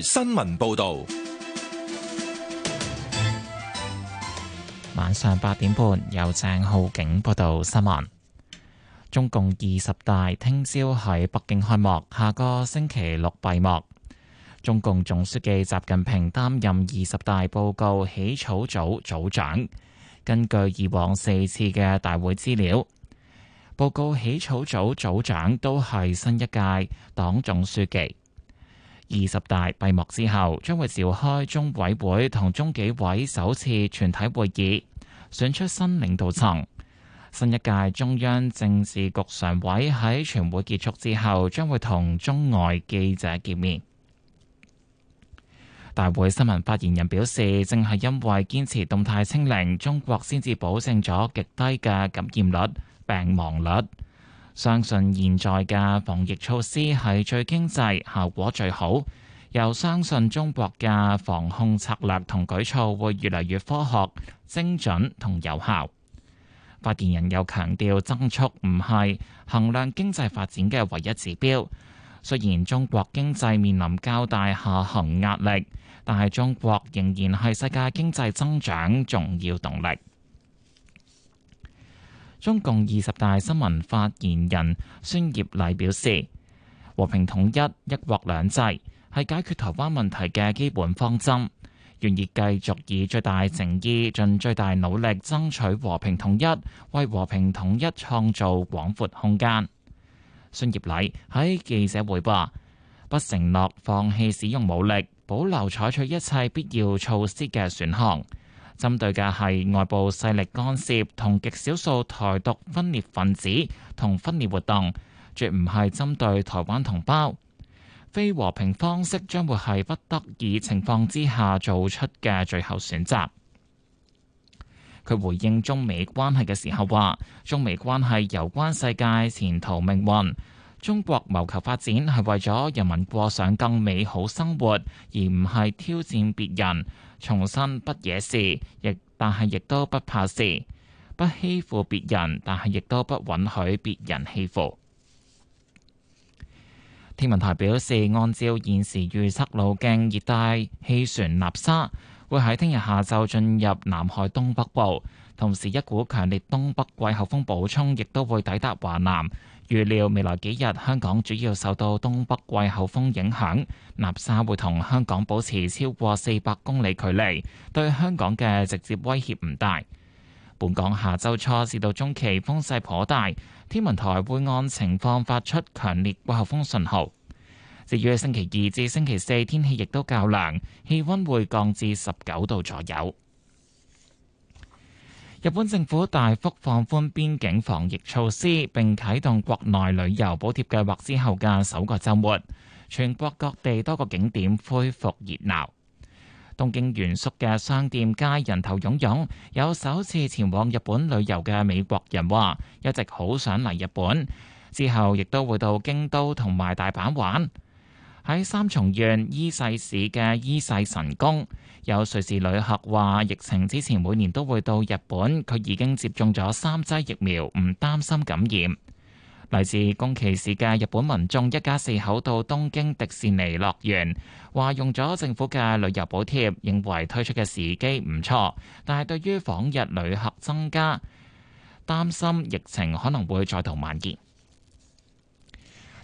新聞報道，晚上八點半，由鄭浩景報道新聞。中共二十大聽朝喺北京開幕，下個星期六閉幕。中共總書記習近平擔任二十大報告起草組組長。根據以往四次嘅大會資料，報告起草組組長都係新一屆黨總書記。二十大閉幕之後，將會召開中委會同中紀委首次全體會議，選出新領導層。新一屆中央政治局常委喺全會結束之後，將會同中外記者見面。大會新聞發言人表示，正係因為堅持動態清零，中國先至保證咗極低嘅感染率、病亡率。相信現在嘅防疫措施係最經濟、效果最好，又相信中國嘅防控策略同舉措會越嚟越科學、精準同有效。發言人又強調，增速唔係衡量經濟發展嘅唯一指標。雖然中國經濟面臨較大下行壓力，但係中國仍然係世界經濟增長重要動力。中共二十大新聞發言人孫業禮表示：和平統一、一國兩制係解決台灣問題嘅基本方針，願意繼續以最大誠意、盡最大努力爭取和平統一，為和平統一創造廣闊空間。孫業禮喺記者會話：不承諾放棄使用武力，保留採取一切必要措施嘅選項。針對嘅係外部勢力干涉同極少數台獨分裂分子同分裂活動，絕唔係針對台灣同胞。非和平方式將會係不得已情況之下做出嘅最後選擇。佢回應中美關係嘅時候話：中美關係攸關世界前途命運，中國謀求發展係為咗人民過上更美好生活，而唔係挑戰別人。重新不惹事，亦但係亦都不怕事，不欺負別人，但係亦都不允許別人欺負。天文台表示，按照現時預測路徑，熱帶氣旋納沙會喺聽日下晝進入南海東北部，同時一股強烈東北季候風補充亦都會抵達華南。預料未來幾日香港主要受到東北季候風影響，南沙會同香港保持超過四百公里距離，對香港嘅直接威脅唔大。本港下周初至到中期風勢頗大，天文台會按情況發出強烈季候風信號。至於星期二至星期四天氣亦都較涼，氣温會降至十九度左右。日本政府大幅放寬邊境防疫措施，并啟動國內旅遊補貼計劃之後嘅首個周末，全國各地多個景點恢復熱鬧。東京原宿嘅商店街人頭湧湧，有首次前往日本旅遊嘅美國人話：一直好想嚟日本，之後亦都會到京都同埋大阪玩。喺三重縣伊勢市嘅伊勢神宮，有瑞士旅客話：疫情之前每年都會到日本，佢已經接種咗三劑疫苗，唔擔心感染。嚟自宮崎市嘅日本民眾一家四口到東京迪士尼樂園，話用咗政府嘅旅遊補貼，認為推出嘅時機唔錯，但係對於訪日旅客增加，擔心疫情可能會再度蔓延。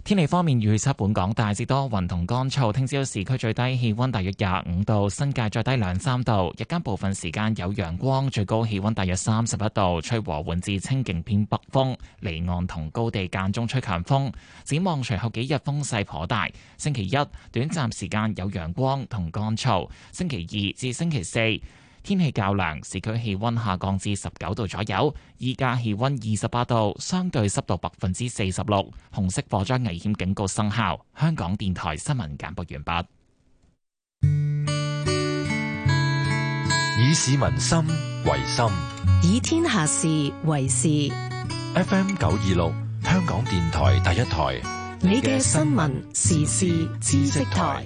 天氣方面預測，預測本港大致多雲同乾燥。聽朝市區最低氣溫大約廿五度，新界最低兩三度。日間部分時間有陽光，最高氣溫大約三十一度，吹和緩至清勁偏北風。離岸同高地間中吹強風。展望隨後幾日風勢頗大。星期一短暫時間有陽光同乾燥。星期二至星期四。天氣較涼，市區氣温下降至十九度左右，而家氣温二十八度，相對濕度百分之四十六，紅色火災危險警告生效。香港電台新聞簡播完畢。以市民心為心，以天下事為事。FM 九二六，香港電台第一台，你嘅新聞時事知識台。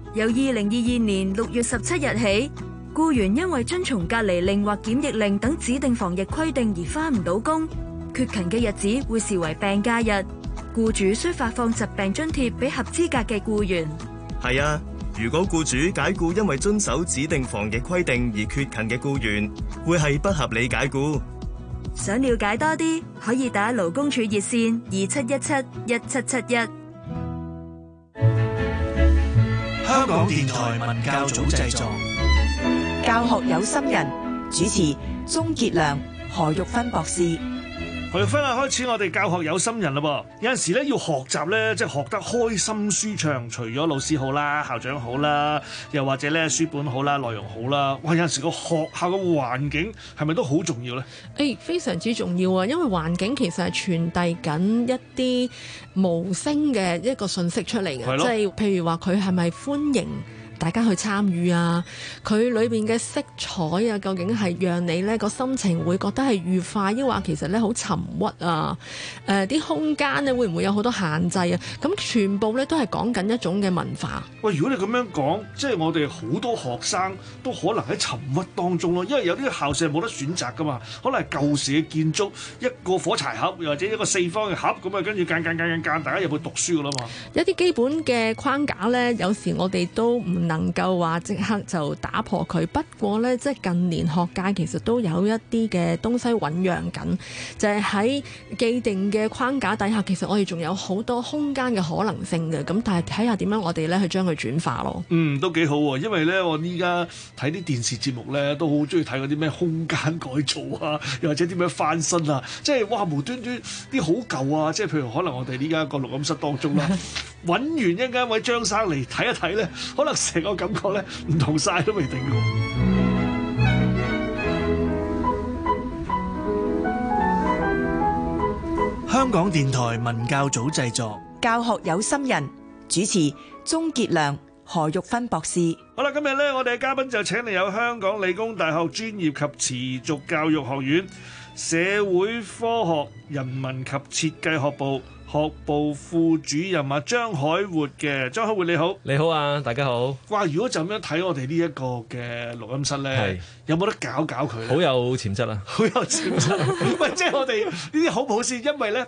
由二零二二年六月十七日起，僱員因為遵從隔離令或檢疫令等指定防疫規定而返唔到工，缺勤嘅日子會視為病假日，雇主需發放疾病津貼俾合資格嘅僱員。係啊，如果雇主解雇因為遵守指定防疫規定而缺勤嘅僱員，會係不合理解雇。想了解多啲，可以打勞工處熱線二七一七一七七一。香港電台文教組製作，教學有心人主持，鍾杰良何玉芬博士。佢分下開始，我哋教學有心人嘞噃，有陣時咧要學習咧，即係學得開心舒暢。除咗老師好啦、校長好啦，又或者咧書本好啦、內容好啦，哇！有陣時個學校嘅環境係咪都好重要咧？誒、哎，非常之重要啊！因為環境其實係傳遞緊一啲無聲嘅一個信息出嚟嘅，即係的譬如話佢係咪歡迎。大家去參與啊，佢裏邊嘅色彩啊，究竟係讓你呢個心情會覺得係愉快，抑或其實呢好沉鬱啊？誒、呃，啲空間呢會唔會有好多限制啊？咁全部呢都係講緊一種嘅文化。喂，如果你咁樣講，即係我哋好多學生都可能喺沉鬱當中咯，因為有啲校舍冇得選擇噶嘛，可能係舊時嘅建築一個火柴盒，又或者一個四方嘅盒咁啊，跟住間間間間大家入去讀書噶啦嘛。一啲基本嘅框架呢，有時我哋都唔～能夠話即刻就打破佢，不過咧，即係近年學界其實都有一啲嘅東西醖釀緊，就係喺既定嘅框架底下，其實我哋仲有好多空間嘅可能性嘅。咁，但係睇下點樣我哋咧去將佢轉化咯。嗯，都幾好喎，因為咧，我依家睇啲電視節目咧，都好中意睇嗰啲咩空間改造啊，又或者啲咩翻新啊，即係哇無端端啲好舊啊，即係譬如可能我哋呢家個錄音室當中啦，揾 完一間位張生嚟睇一睇咧，可能成我的感覺咧，唔同晒，都未定喎。香港電台文教組製作，教學有心人主持，鍾傑良、何玉芬博士。好啦，今日咧，我哋嘅嘉賓就請嚟有香港理工大學專業及持續教育學院社會科學、人文及設計學部。學部副主任啊，張海活嘅，張海活你好，你好啊，大家好。哇，如果就咁樣睇我哋呢一個嘅錄音室咧，是有冇得搞搞佢？好有潛質啊！就是，好有潛質。喂，即係我哋呢啲好唔好先？因為咧，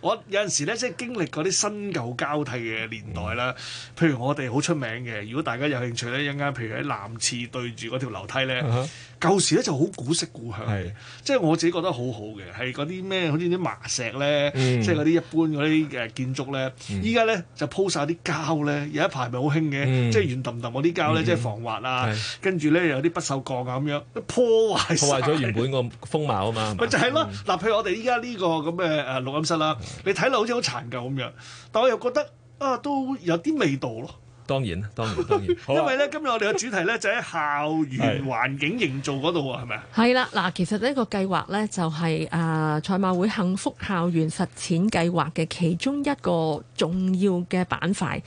我有陣時咧，即、就、係、是、經歷嗰啲新舊交替嘅年代啦。嗯、譬如我哋好出名嘅，如果大家有興趣咧，一陣間譬如喺南廁對住嗰條樓梯咧。Uh huh. 舊時咧就好古色古香嘅，即係是我自己覺得好好嘅，係嗰啲咩，好似啲麻石咧，即係嗰啲一般嗰啲誒建築咧。依家咧就鋪晒啲膠咧，有一排咪好興嘅，嗯、即係圓揼揼嗰啲膠咧，嗯、哼即係防滑啊。跟住咧又有啲不鏽鋼啊咁樣，都破壞曬咗原本個風貌啊嘛。咪 就係咯，嗱，譬如我哋依家呢個咁嘅誒錄音室啦，嗯、你睇落好似好殘舊咁樣，但我又覺得啊，都有啲味道咯。當然啦，當然，當然。啊、因為咧，今日我哋嘅主題咧 就喺校園環境營造嗰度喎，係咪啊？係啦，嗱，其實呢個計劃咧就係誒賽馬會幸福校園實踐計劃嘅其中一個重要嘅板塊。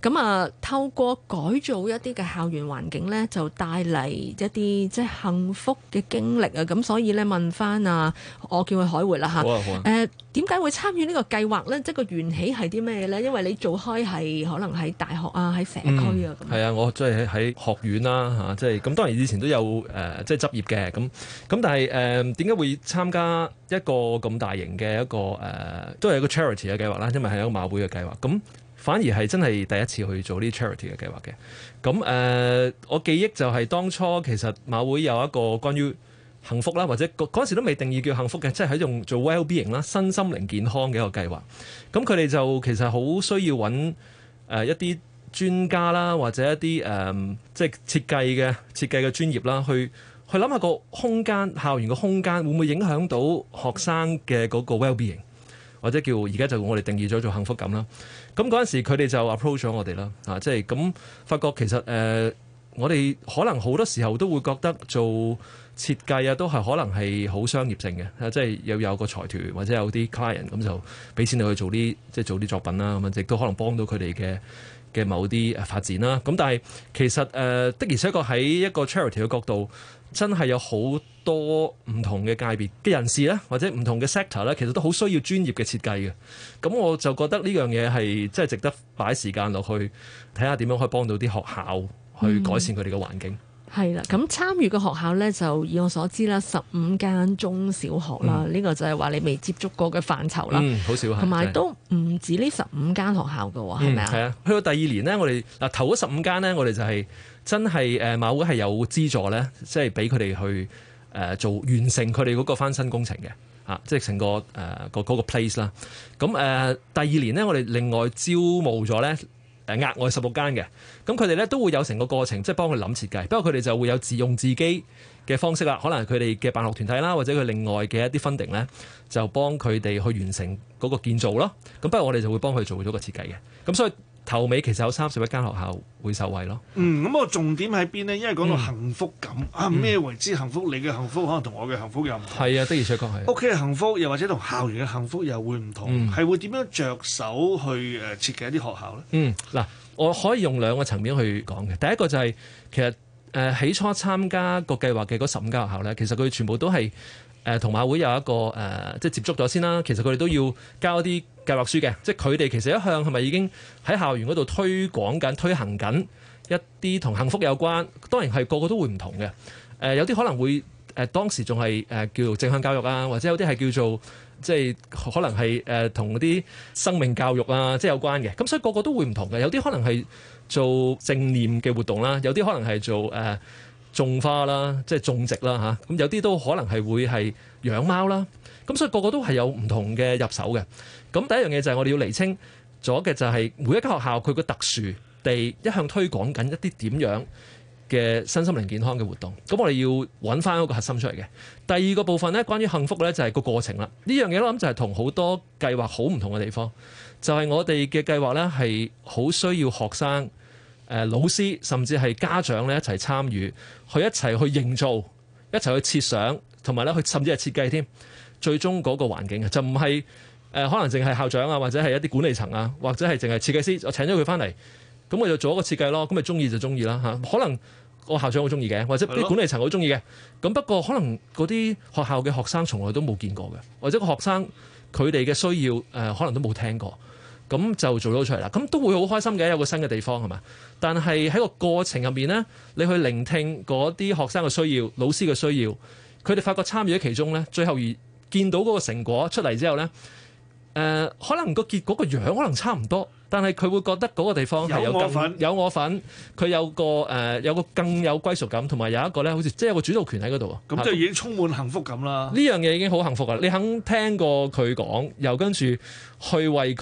咁啊，透過改造一啲嘅校園環境咧，就帶嚟一啲即係幸福嘅經歷啊。咁、嗯、所以咧，問翻啊，我叫佢海活啦吓，好啊，點解、呃、會參與呢個計劃咧？即、就、係、是、個緣起係啲咩咧？因為你做開係可能喺大學啊，喺社區啊，係、嗯、啊，我即係喺學院啦嚇，即係咁。就是、當然以前都有誒，即、呃、係、就是、執業嘅咁咁，但係誒點解會參加一個咁大型嘅一個誒、呃，都係一個 charity 嘅計劃啦，因為係一個馬會嘅計劃。咁反而係真係第一次去做呢 charity 嘅計劃嘅。咁誒、呃，我記憶就係當初其實馬會有一個關於幸福啦，或者嗰嗰陣時都未定義叫幸福嘅，即係喺用做 wellbeing 啦、身心靈健康嘅一個計劃。咁佢哋就其實好需要揾誒、呃、一啲。專家啦，或者一啲誒、嗯，即係設計嘅設計嘅專業啦，去去諗下個空間校園嘅空間會唔會影響到學生嘅嗰個 wellbeing，或者叫而家就我哋定義咗做幸福感啦。咁嗰陣時，佢哋就 approach 咗我哋啦，啊，即係咁發覺其實誒、呃，我哋可能好多時候都會覺得做設計啊，都係可能係好商業性嘅、啊，即係有有個財團或者有啲 client 咁就俾錢你去做啲即係做啲作品啦，咁啊，亦都可能幫到佢哋嘅。嘅某啲發展啦，咁但係其實誒、呃、的而且確喺一,一個 charity 嘅角度，真係有好多唔同嘅界別嘅人士咧，或者唔同嘅 sector 咧，其實都好需要專業嘅設計嘅。咁我就覺得呢樣嘢係真係值得擺時間落去睇下點樣可以幫到啲學校去改善佢哋嘅環境。嗯係啦，咁參與嘅學校咧就以我所知啦，十五間中小學啦，呢、嗯、個就係話你未接觸過嘅範疇啦。嗯，好少，同埋都唔止呢十五間學校㗎喎，係咪啊？係啊嗎，去到第二年咧，我哋嗱頭嗰十五間咧，我哋就係、是、真係誒馬會係有資助咧，即係俾佢哋去做、呃、完成佢哋嗰個翻新工程嘅、啊、即係成個個嗰、呃嗰個 place 啦。咁、呃、第二年咧，我哋另外招募咗咧。額外十六間嘅，咁佢哋咧都會有成個過程，即係幫佢諗設計。不過佢哋就會有自用自己嘅方式啦，可能佢哋嘅辦學團體啦，或者佢另外嘅一啲 funding 呢，就幫佢哋去完成嗰個建造咯。咁不過我哋就會幫佢做咗個設計嘅。咁所以。頭尾其實有三十一間學校會受惠咯。嗯，咁我重點喺邊呢？因為講到幸福感、嗯、啊，咩為之幸福？你嘅幸福可能同我嘅幸福又唔同。係啊、嗯，的而且確係。屋企嘅幸福，又或者同校園嘅幸福又會唔同？係、嗯、會點樣着手去誒設計一啲學校咧？嗯，嗱，我可以用兩個層面去講嘅。第一個就係、是、其實誒、呃、起初參加個計劃嘅嗰十五間學校咧，其實佢全部都係誒同馬會有一個誒、呃、即係接觸咗先啦。其實佢哋都要交一啲。計劃書嘅，即係佢哋其實一向係咪已經喺校園嗰度推廣緊、推行緊一啲同幸福有關？當然係個個都會唔同嘅。誒有啲可能會誒當時仲係誒叫做正向教育啊，或者有啲係叫做即係可能係誒同嗰啲生命教育啊，即係有關嘅。咁所以個個都會唔同嘅，有啲可能係做正念嘅活動啦，有啲可能係做誒種花啦，即係種植啦嚇。咁有啲都可能係會係養貓啦。咁所以個個都係有唔同嘅入手嘅。咁第一樣嘢就係我哋要釐清咗嘅就係每一間學校佢個特殊地一向推廣緊一啲點樣嘅身心靈健康嘅活動。咁我哋要揾翻一個核心出嚟嘅。第二個部分呢，關於幸福呢，就係個過程啦。呢樣嘢我諗就係同好多計劃好唔同嘅地方，就係我哋嘅計劃呢，係好需要學生、呃、老師甚至係家長呢，一齊參與，去一齊去營造，一齊去設想，同埋呢，去甚至係設計添。最終嗰個環境啊，就唔係、呃、可能淨係校長啊，或者係一啲管理層啊，或者係淨係設計師，我請咗佢翻嚟，咁我就做一個設計咯。咁咪中意就中意啦嚇。可能個校長好中意嘅，或者啲管理層好中意嘅。咁不過可能嗰啲學校嘅學生從來都冇見過嘅，或者個學生佢哋嘅需要、呃、可能都冇聽過。咁就做到出嚟啦。咁都會好開心嘅，有個新嘅地方係嘛。但係喺個過程入面呢，你去聆聽嗰啲學生嘅需要、老師嘅需要，佢哋發覺參與其中呢，最後見到嗰個成果出嚟之後呢，誒、呃、可能個結果個樣可能差唔多，但係佢會覺得嗰個地方係有更有我份，有我份，佢有，有個誒、呃、有個更有歸屬感，同埋有，有一個呢，好似即係有個主導權喺嗰度啊！咁就已經充滿幸福感啦！呢、啊、樣嘢已經好幸福噶啦！你肯聽過佢講，又跟住去為佢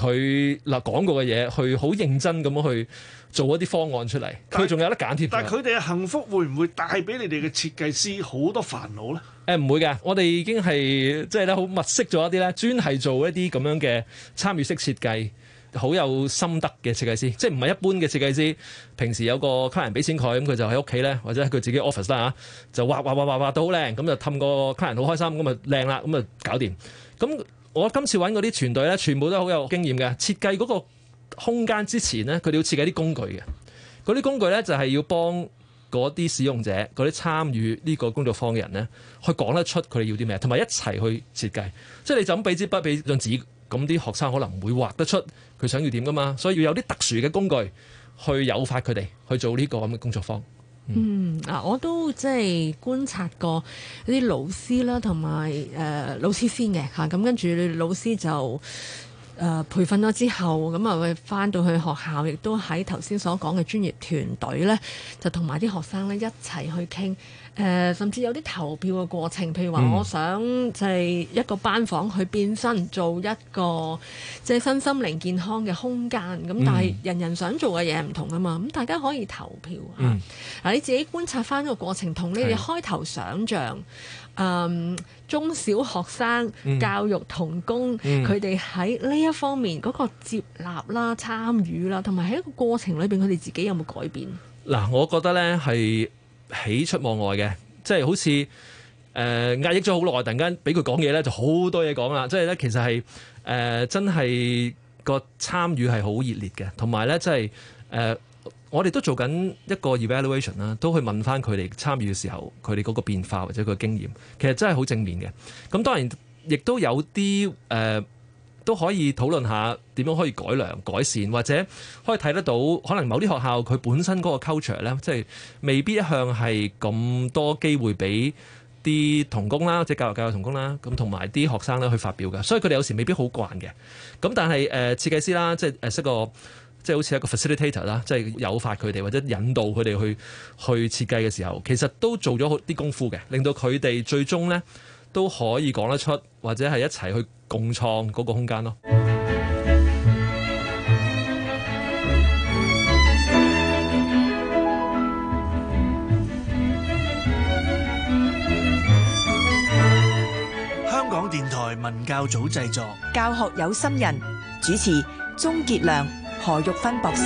嗱、呃、講過嘅嘢去好認真咁樣去。做一啲方案出嚟，佢仲但有得揀添。但係佢哋嘅幸福會唔會帶俾你哋嘅設計師好多煩惱咧？誒唔、欸、會嘅，我哋已經係即係咧好物色咗一啲咧，專係做一啲咁樣嘅參與式設計，好有心得嘅設計師，即係唔係一般嘅設計師。平時有個 client 俾錢佢，咁佢就喺屋企咧，或者佢自己 office 啦嚇，就畫畫畫畫畫到好靚，咁就氹個 client 好開心，咁啊靚啦，咁啊搞掂。咁我今次揾嗰啲團隊咧，全部都好有經驗嘅設計嗰、那個。空間之前呢，佢哋要設計啲工具嘅，嗰啲工具呢，就係、是、要幫嗰啲使用者、嗰啲參與呢個工作坊嘅人呢，去講得出佢哋要啲咩，同埋一齊去設計。即係你就咁俾支筆、俾張紙，咁啲學生可能唔會畫得出佢想要點㗎嘛，所以要有啲特殊嘅工具去誘發佢哋去做呢個咁嘅工作坊。嗯，啊、嗯，我都即係觀察過啲老師啦，同埋誒老師先嘅吓，咁、嗯、跟住你老師就。誒、呃、培訓咗之後，咁啊，佢會翻到去學校，亦都喺頭先所講嘅專業團隊呢，就同埋啲學生呢一齊去傾、呃。甚至有啲投票嘅過程，譬如話，我想就係一個班房去變身做一個即係身心靈健康嘅空間。咁但係人人想做嘅嘢唔同啊嘛，咁大家可以投票。嗱、嗯，你自己觀察翻個過程，同你哋開頭想像。誒、um, 中小學生教育同工，佢哋喺呢一方面嗰個接納啦、參與啦，同埋喺一個過程裏邊，佢哋自己有冇改變？嗱，我覺得呢係喜出望外嘅，即係好似誒、呃、壓抑咗好耐，突然間俾佢講嘢呢就好多嘢講啦。即係呢，其實係誒、呃、真係個參與係好熱烈嘅，同埋呢，即係誒。呃我哋都做緊一個 evaluation 啦，都去問翻佢哋參與嘅時候，佢哋嗰個變化或者佢嘅經驗，其實真係好正面嘅。咁當然亦都有啲、呃、都可以討論下點樣可以改良改善，或者可以睇得到可能某啲學校佢本身嗰個 culture 咧，即係未必一向係咁多機會俾啲同工啦，即係教育教育同工啦，咁同埋啲學生咧去發表嘅。所以佢哋有時未必好慣嘅。咁但係誒設計師啦，即係誒識個。即係好似一個 facilitator 啦，即係誘發佢哋或者引導佢哋去去設計嘅時候，其實都做咗啲功夫嘅，令到佢哋最終呢都可以講得出，或者係一齊去共創嗰個空間咯。香港電台文教組製作，教學有心人主持，鍾傑良。何玉芬博士，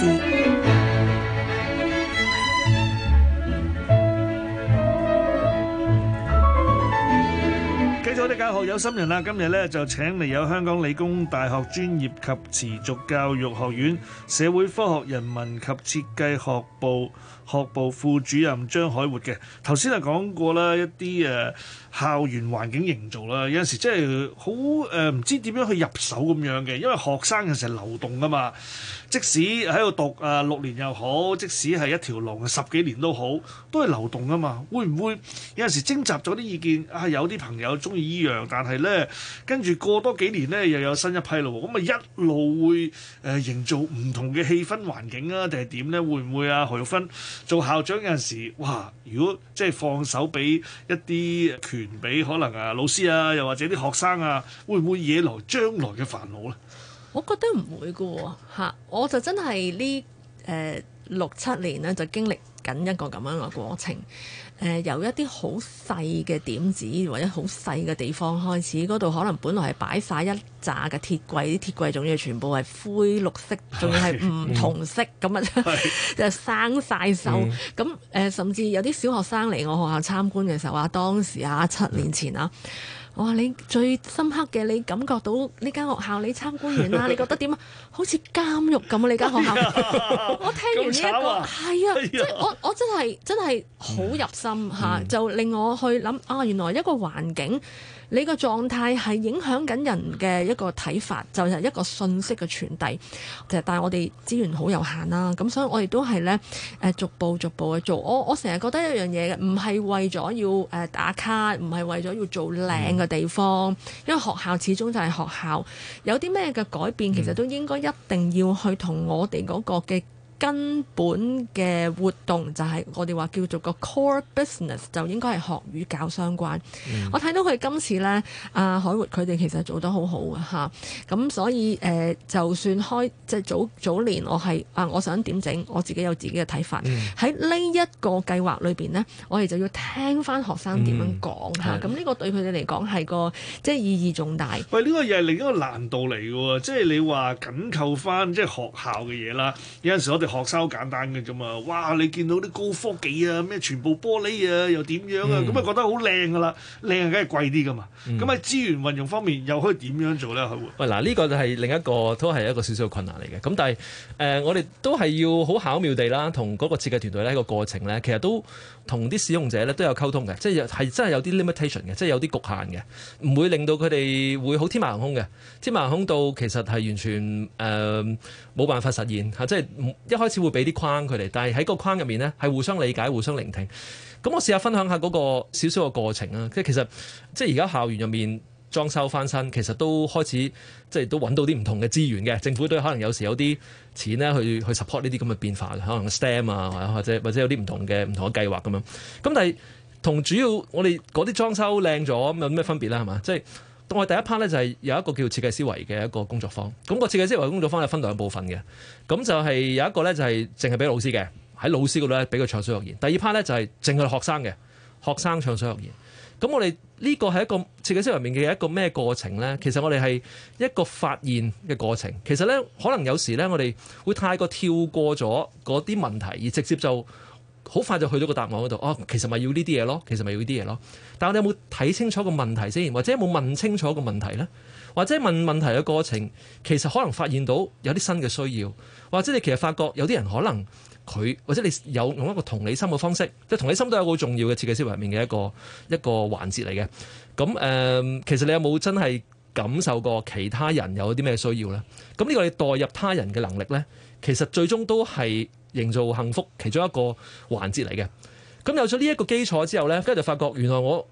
記學有心人啦，今日咧，就請嚟有香港理工大學專業及持續教育學院社會科學、人文及設計學部學部副主任張海活嘅。頭先係講過啦，一啲誒校園環境營造啦，有陣時真係好誒，唔知點樣去入手咁樣嘅，因為學生有時流動啊嘛，即使喺度讀啊六年又好，即使係一條龍十幾年都好，都係流動啊嘛，會唔會有陣時徵集咗啲意見啊？有啲朋友中意依樣。但係呢，跟住過多幾年呢，又有新一批咯。咁啊，一路會誒營造唔同嘅氣氛環境啊，定係點呢？會唔會啊？何玉芬做校長有陣時，哇！如果即係放手俾一啲權俾可能啊老師啊，又或者啲學生啊，會唔會惹來將來嘅煩惱呢？我覺得唔會㗎，嚇！我就真係呢誒六七年呢，就經歷緊一個咁樣嘅過程。誒、呃、由一啲好細嘅點子或者好細嘅地方開始，嗰度可能本來係擺晒一紮嘅鐵櫃，啲鐵櫃仲要全部係灰綠色，仲是要係唔同色咁啊，就生晒鏽。咁、嗯呃、甚至有啲小學生嚟我學校參觀嘅時候話，當時啊七年前啊。嗯我話你最深刻嘅，你感覺到呢間學校，你參觀完啦，你覺得點啊？ 好似監獄咁啊！呢間學校，哎、呀 我聽完呢一個係啊，啊哎、呀即係我我真係真係好入心吓、嗯啊，就令我去諗啊，原來一個環境你個狀態係影響緊人嘅一個睇法，就係、是、一個信息嘅傳遞。就但係我哋資源好有限啦，咁所以我哋都係咧誒逐步逐步去做。我我成日覺得一樣嘢嘅，唔係為咗要誒打卡，唔係為咗要做靚嘅。嗯地方，因為學校始終就係學校，有啲咩嘅改變，其實都應該一定要去同我哋嗰個嘅。根本嘅活動就係我哋話叫做個 core business，就應該係學與教相關，嗯、我睇到佢今次咧，阿、啊、海活佢哋其實做得好好嘅吓，咁、啊、所以誒、呃、就算開即係早早年我係，我係啊，我想點整，我自己有自己嘅睇法。喺、嗯、呢一個計劃裏邊咧，我哋就要聽翻學生點樣講吓，咁呢、嗯啊、個對佢哋嚟講係個即係意義重大。喂、呢、這個又係另一個難度嚟嘅，即係你話緊扣翻即係學校嘅嘢啦。有陣時我哋學生好簡單嘅啫嘛，哇！你見到啲高科技啊，咩全部玻璃啊，又點樣啊？咁啊、嗯、覺得好靚噶啦，靚啊梗係貴啲噶嘛。咁喺、嗯、資源運用方面又可以點樣做咧？喂嗱，呢個就係另一個都係一個少少嘅困難嚟嘅。咁但係、呃、我哋都係要好巧妙地啦，同嗰個設計團隊呢個過程咧，其實都同啲使用者咧都有溝通嘅，即係係真係有啲 limitation 嘅，即係有啲局限嘅，唔會令到佢哋會好天馬行空嘅，天馬行空到其實係完全誒冇、呃、辦法實現即係開始會俾啲框佢哋，但係喺個框入面咧係互相理解、互相聆聽。咁我試下分享下嗰個少少嘅過程啊。即係其實即係而家校園入面裝修翻新，其實都開始即係都揾到啲唔同嘅資源嘅。政府都可能有時有啲錢咧去去 support 呢啲咁嘅變化，可能 STEM 啊，或者或者有啲唔同嘅唔同嘅計劃咁樣。咁但係同主要我哋嗰啲裝修靚咗咁有咩分別啦？係嘛，即係。我第一 part 咧就係有一個叫設計思維嘅一個工作坊。咁個設計思維工作坊係分兩部分嘅。咁就係有一個咧就係淨係俾老師嘅，喺老師嗰度咧俾佢暢所欲言。第二 part 咧就係淨係學生嘅，學生暢所欲言。咁我哋呢個係一個設計思維面嘅一個咩過程咧？其實我哋係一個發現嘅過程。其實咧可能有時咧我哋會太過跳過咗嗰啲問題而直接就。好快就去到個答案嗰度，哦，其實咪要呢啲嘢咯，其實咪要呢啲嘢咯。但係我哋有冇睇清楚個問題先，或者有冇問清楚個問題呢？或者問問題嘅過程其實可能發現到有啲新嘅需要，或者你其實發覺有啲人可能佢或者你有用一個同理心嘅方式，即係同理心都有好重要嘅設計思維入面嘅一個一個環節嚟嘅。咁、呃、其實你有冇真係感受過其他人有啲咩需要呢？咁呢個你代入他人嘅能力呢，其實最終都係。營造幸福其中一個環節嚟嘅。咁有咗呢一個基礎之後呢，跟住就發覺原來我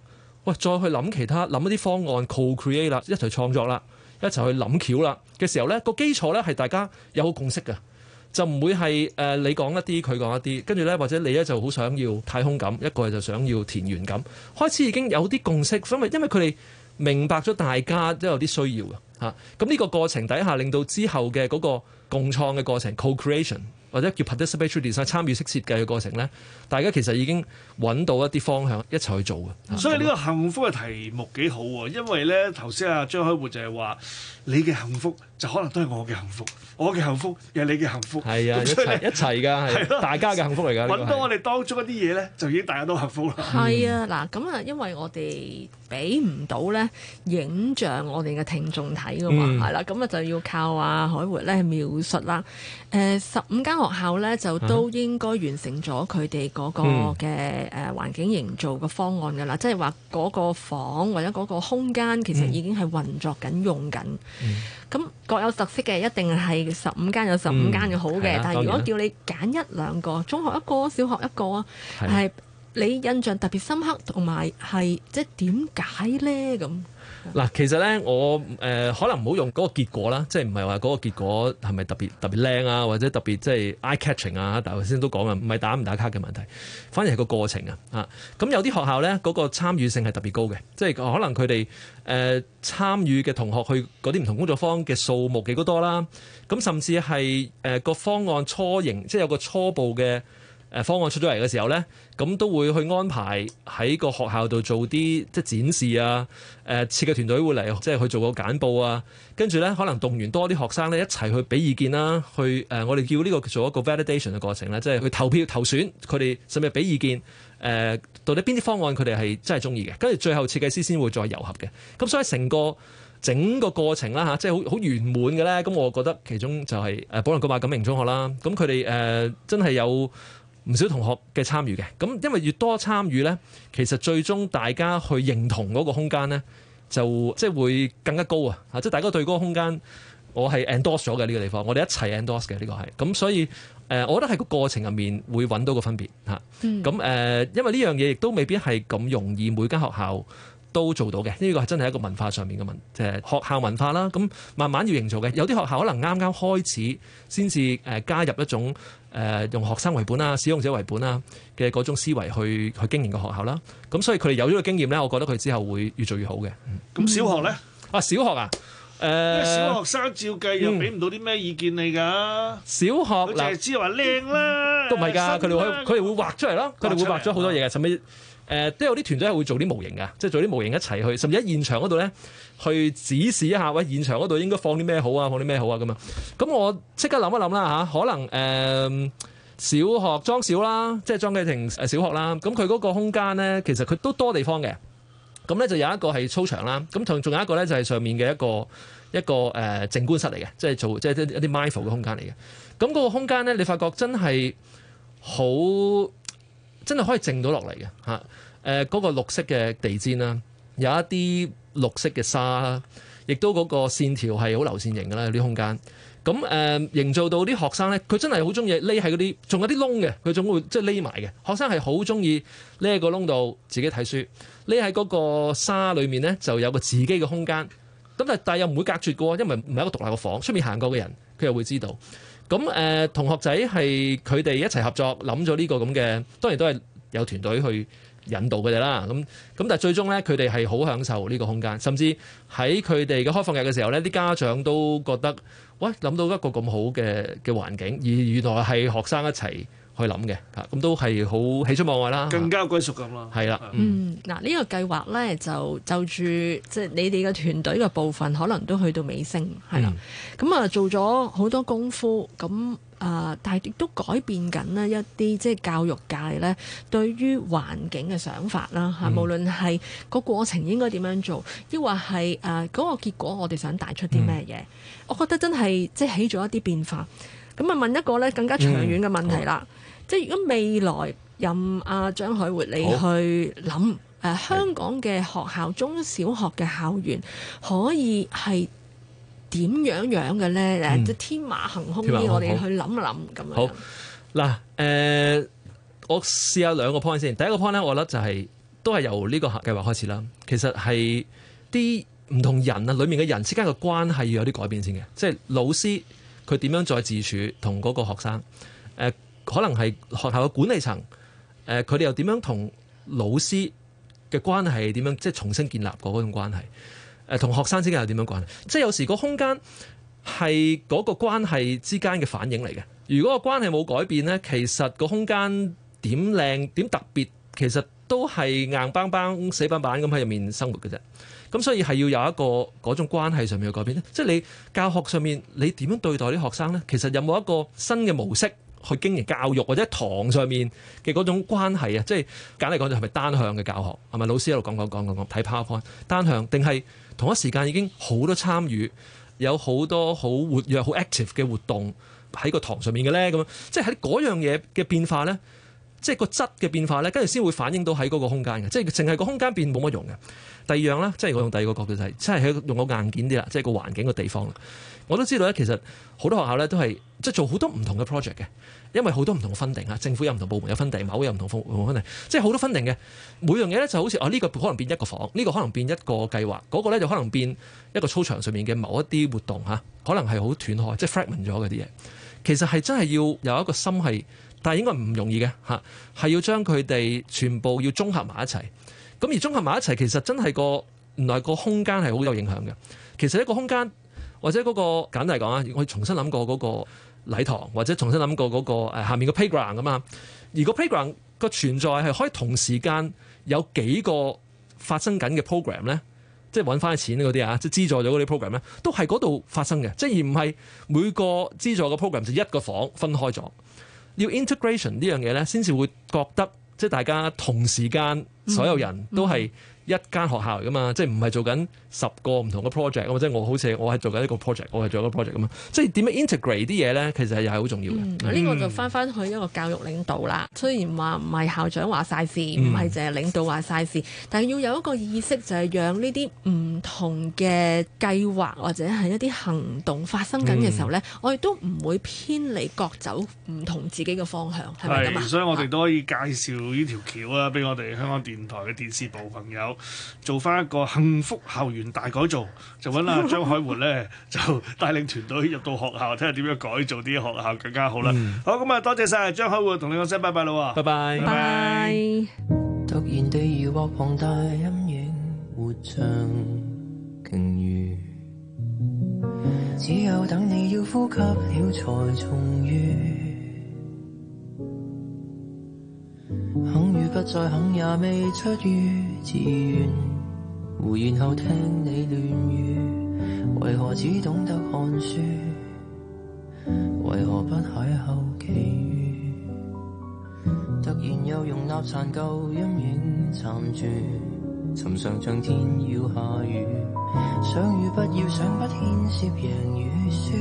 喂再去諗其他諗一啲方案 co-create 啦，一齊創作啦，一齊去諗橋啦嘅時候呢，個基礎呢係大家有好共識嘅，就唔會係誒、呃、你講一啲佢講一啲，跟住呢，或者你呢就好想要太空感，一個就想要田園感，開始已經有啲共識，因為因為佢哋明白咗大家都有啲需要嘅吓，咁、啊、呢個過程底下令到之後嘅嗰個共創嘅過程 co-creation。Co 或者叫 participatory design 參與式設計嘅過程咧，大家其實已經揾到一啲方向，一齊去做嘅。所以呢個幸福嘅題目幾好喎，因為咧頭先阿張海活就係話，你嘅幸福就可能都係我嘅幸福，我嘅幸福又係你嘅幸福，係啊，一齊一齊㗎，係咯，大家嘅幸福嚟㗎，揾到我哋當中一啲嘢咧，就已經大家都幸福啦。係啊，嗱，咁啊，因為我哋。俾唔到咧影像，我哋嘅聽眾睇噶嘛，係啦，咁啊就要靠阿海活咧描述啦。誒，十五間學校咧就都應該完成咗佢哋嗰個嘅誒環境營造嘅方案噶啦，即係話嗰個房或者嗰個空間其實已經係運作緊用緊。咁各有特色嘅，一定係十五間有十五間嘅好嘅，但係如果叫你揀一兩個，中學一個，小學一個啊，係。你印象特別深刻同埋係即係點解咧咁？嗱，其實咧我誒、呃、可能唔好用嗰個結果啦，即係唔係話嗰個結果係咪特別特別靚啊，或者特別即係 eye catching 啊？但係頭先都講啦，唔係打唔打卡嘅問題，反而係個過程啊！啊，咁有啲學校咧嗰、嗰個參與性係特別高嘅，即係可能佢哋誒參與嘅同學去嗰啲唔同工作坊嘅數目幾高多啦。咁甚至係誒個方案初型，即係有個初步嘅。方案出咗嚟嘅時候咧，咁都會去安排喺個學校度做啲即係展示啊！誒設計團隊會嚟即係去做個簡報啊，跟住咧可能動員多啲學生咧一齊去俾意見啦，去、呃、我哋叫呢個做一個 validation 嘅過程啦，即係去投票投選佢哋，甚至畀俾意見、呃、到底邊啲方案佢哋係真係中意嘅，跟住最後設計師先會再遊合嘅。咁所以成個整個過程啦、啊、即係好好圓滿嘅咧。咁我覺得其中就係、是呃、保良局馬錦明中學啦，咁佢哋、呃、真係有。唔少同學嘅參與嘅，咁因為越多參與咧，其實最終大家去認同嗰個空間咧，就即係會更加高啊！嚇，即係大家對嗰個空間，我係 endorse 咗嘅呢個地方，我哋一齊 endorse 嘅呢個係，咁所以誒，我覺得喺個過程入面會揾到個分別嚇，咁、嗯、因為呢樣嘢亦都未必係咁容易，每間學校。都做到嘅，呢、這個係真係一個文化上面嘅問題，即、就、係、是、學校文化啦。咁慢慢要營造嘅，有啲學校可能啱啱開始先至誒加入一種誒、呃、用學生為本啊、使用者為本啊嘅嗰種思維去去經營個學校啦。咁所以佢哋有咗個經驗咧，我覺得佢之後會越做越好嘅。咁小學咧？啊小學啊？誒、呃，小學生照計又俾唔到啲咩意見你㗎、嗯？小學佢淨係知話靚啦，香都唔係㗎。佢哋會佢哋會畫出嚟咯，佢哋會畫咗好多嘢嘅，使乜、啊？誒、呃、都有啲團隊係會做啲模型嘅，即係做啲模型一齊去，甚至喺現場嗰度咧，去指示一下，喂、呃，現場嗰度應該放啲咩好啊，放啲咩好啊咁啊。咁我即刻諗一諗啦嚇，可能誒、呃、小學裝少啦，即係莊家庭小學啦。咁佢嗰個空間咧，其實佢都多地方嘅。咁咧就有一個係操場啦，咁同仲有一個咧就係、是、上面嘅一個一個誒、呃、政官室靜觀室嚟嘅，即係做即係一啲 mindful 嘅空間嚟嘅。咁嗰個空間咧，你發覺真係好。真係可以靜到落嚟嘅吓，誒嗰個綠色嘅地氈啦，有一啲綠色嘅沙啦，亦都嗰個線條係好流線型嘅啦，有啲空間。咁、呃、誒營造到啲學生呢，佢真係好中意匿喺嗰啲，仲有啲窿嘅，佢總會即係匿埋嘅。學生係好中意匿個窿度自己睇書，匿喺嗰個沙裏面呢，就有個自己嘅空間。咁但係但又唔會隔絕嘅，因為唔係一個獨立嘅房，出面行過嘅人佢又會知道。咁誒同學仔係佢哋一齊合作諗咗呢個咁嘅，當然都係有團隊去引導佢哋啦。咁咁但係最終呢，佢哋係好享受呢個空間，甚至喺佢哋嘅開放日嘅時候呢，啲家長都覺得，喂，諗到一個咁好嘅嘅環境，而原來係學生一齊，去諗嘅咁都係好喜出望外啦，更加有歸屬感啦係啦。的的嗯，嗱呢個計劃咧就就住即係你哋嘅團隊嘅部分，可能都去到尾聲係啦。咁啊、嗯、做咗好多功夫咁，但係亦都改變緊一啲即係教育界咧對於環境嘅想法啦嚇，嗯、無論係個過程應該點樣做，亦或係嗰個結果我，我哋想帶出啲咩嘢，我覺得真係即係起咗一啲變化。咁啊，問一個咧更加長遠嘅問題啦。嗯即係如果未來任阿張海活你去諗，誒好、呃、香港嘅學校是中小學嘅校園可以係點樣樣嘅咧？誒、嗯，天馬行空啲，我哋去諗一諗咁樣。好嗱，誒樣、呃，我試下兩個 point 先。第一個 point 咧，我覺得就係、是、都係由呢個校計劃開始啦。其實係啲唔同人啊，裡面嘅人之間嘅關係要有啲改變先嘅。即係老師佢點樣再自處同嗰個學生誒？呃可能係學校嘅管理層，誒、呃，佢哋又點樣同老師嘅關係？點樣即係重新建立過嗰種關係？誒、呃，同學生之間又點樣關係？即係有時個空間係嗰個關係之間嘅反應嚟嘅。如果個關係冇改變咧，其實個空間點靚點特別，其實都係硬邦邦死板板咁喺入面生活嘅啫。咁所以係要有一個嗰種關係上面嘅改變咧，即係你教學上面你點樣對待啲學生呢？其實有冇一個新嘅模式？去經營教育或者堂上面嘅嗰種關係啊，即係簡嚟講就係咪單向嘅教學？係咪老師一路講講講講講睇 PowerPoint 單向，定係同一時間已經好多參與，有好多好活躍、好 active 嘅活動喺個堂上面嘅咧？咁樣即係喺嗰樣嘢嘅變化咧。即係個質嘅變化咧，跟住先會反映到喺嗰個空間嘅，即係淨係個空間變冇乜用嘅。第二樣咧，即係我用第二個角度睇，就係，即係喺用個硬件啲啦，即係個環境嘅地方啦。我都知道咧，其實好多學校咧都係即係做好多唔同嘅 project 嘅，因為好多唔同嘅分定嚇，政府有唔同部門有分定，某個有唔同部門分定，即係好多分定嘅。每樣嘢咧就好似哦，呢、啊呢個可能變一個房，呢、呢個可能變一個計劃，嗰、嗰個咧就可能變一個操場上面嘅某一啲活動、啊、可能係好斷開，即係 fragment 咗嗰啲嘢。其實係真係要有一個心係。但係應該唔容易嘅嚇，係要將佢哋全部要綜合埋一齊。咁而綜合埋一齊，其實真係個原來個空間係好有影響嘅。其實一個空間或者嗰個簡單嚟講啊，我哋重新諗過嗰個禮堂，或者重新諗過嗰個、呃、下面嘅 playground 咁啊。而個 playground 個存在係可以同時間有幾個發生緊嘅 program 咧，即係揾翻啲錢嗰啲啊，即係資助咗嗰啲 program 咧，都係嗰度發生嘅，即係而唔係每個資助嘅 program 就一個房分開咗。要 integration 呢樣嘢呢，先至會覺得即係大家同時間所有人都係。一間學校嚟噶嘛，即係唔係做緊十個唔同嘅 project 啊嘛，即係我好似我係做緊一個 project，我係做一個 project 咁嘛。即係點樣 integrate 啲嘢咧？其實又係好重要嘅。呢、嗯、是個就翻翻去一個教育領導啦。雖然話唔係校長話晒事，唔係淨係領導話晒事，但係要有一個意識，就係讓呢啲唔同嘅計劃或者係一啲行動發生緊嘅時候咧，嗯、我哋都唔會偏離各走唔同自己嘅方向，係咪？是所以，我哋都可以介紹呢條橋啊，俾我哋香港電台嘅電視部朋友。做翻一個幸福校園大改造，就搵阿張海活咧，就帶領團隊入到學校，睇下點樣改造啲學校更加好啦。嗯、好咁啊，多謝晒張海活，同你講聲拜拜咯！拜拜！拜拜。自願胡言後聽你亂語，為何只懂得看書？為何不邂逅奇遇？突然又用納殘舊陰影殘住，尋常像天要下雨，想雨不要想，不牽涉贏與輸。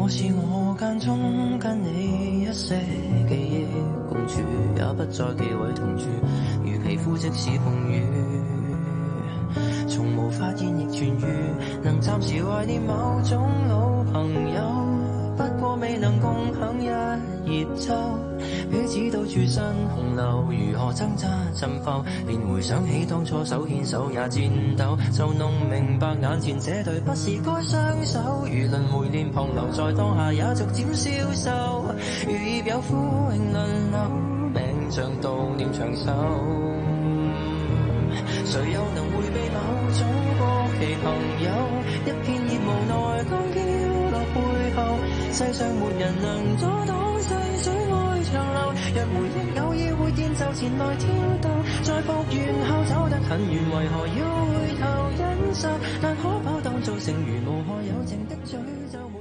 我是我。間中跟你一些記憶共處，也不再忌諱同住。如皮膚即使碰雨，從無發現亦痊愈，能暫時懷念某種老朋友。不過未能共享一葉舟，彼此到處順洪流，如何掙扎沉浮？連回想起當初手牽手也顫抖，就弄明白眼前這對不是該雙手。如論每念旁流，在當下也逐漸消瘦。如葉有枯榮輪流，命像悼念長壽。誰又能回避某種過期朋友？一片葉無奈當飄落背後。世上沒人能阻擋細水愛長流，若回憶偶爾會見，就前來挑逗。再復原後走得很遠，為何要回頭忍受？但可否當做成如無害友情的詛咒？